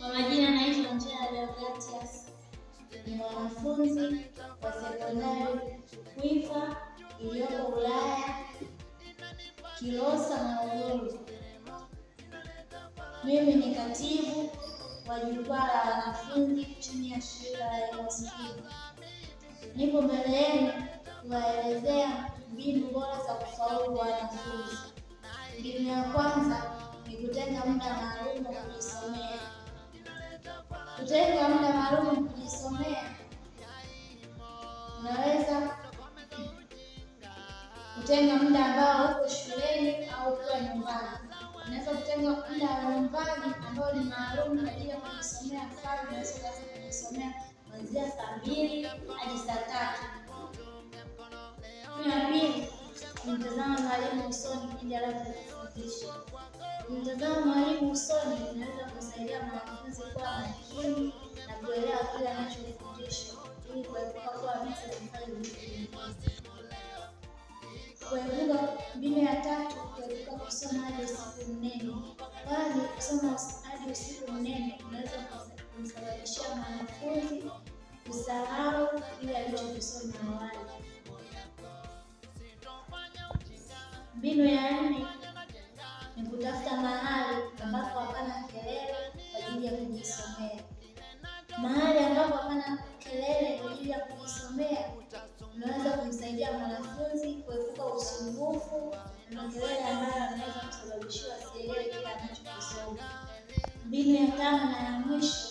Kwa majina naitwa Njea Deogratias, ni mwanafunzi wa sekondari Wifa iliyoko Ulaya Kilosa na Uhuru. Mimi ni katibu wa jukwaa la wanafunzi chini ya shirika la EMOSP. Nipo mbele yenu kuwaelezea mbinu bora za kufaulu wanafunzi. Mbinu ya kwanza ni kutenga muda maalum kutenga muda maalum kujisomea, unaweza kutenga muda ambao uko shuleni au ukiwa nyumbani. Unaweza kutenga muda wa nyumbani ambao ni maalum kwa ajili ya kujisomea. Mfano, unaweza kuanza kujisomea kuanzia saa mbili hadi saa tatu. Kumi na mbili, kumtazama mwalimu usoni ili alafu kufundisha. Kumtazama mwalimu usoni Kuepuka mbinu ya tatu, kuepuka kusoma hadi usiku mnene, bali kusoma hadi usiku mnene unaweza kumsababishia mwanafunzi kusahau kile alichokisoma awali. Mbinu ya nne ni kutafuta mahali ambapo hapana Hofu mazoea ambayo anaweza kusababishiwa asielewe kile anachokisoma. Mbinu ya tano na ya mwisho,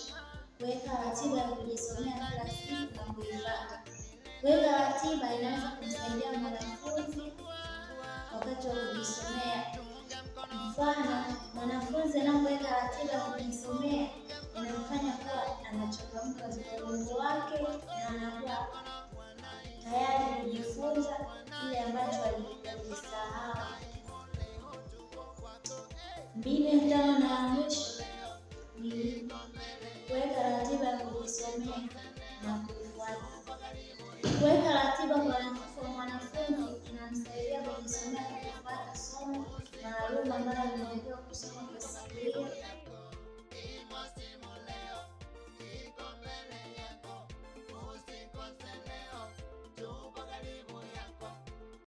kuweka ratiba ya kujisomea kila siku na kuifuata. Kuweka ratiba inaweza kumsaidia mwanafunzi wakati wa kujisomea. Mfano, mwanafunzi anapoweka ratiba ya kujisomea inamfanya kuwa anachangamka kwenye uwezo wake na anakuwa tayari mbili tano na mwisho niliweka ratiba ya kujisomea na kuifuata. Kuweka ratiba kwa mwanafunzi inamsaidia kujisomea na kupata somo maalum ambayo limetakiwa kusoma kwa siku hiyo.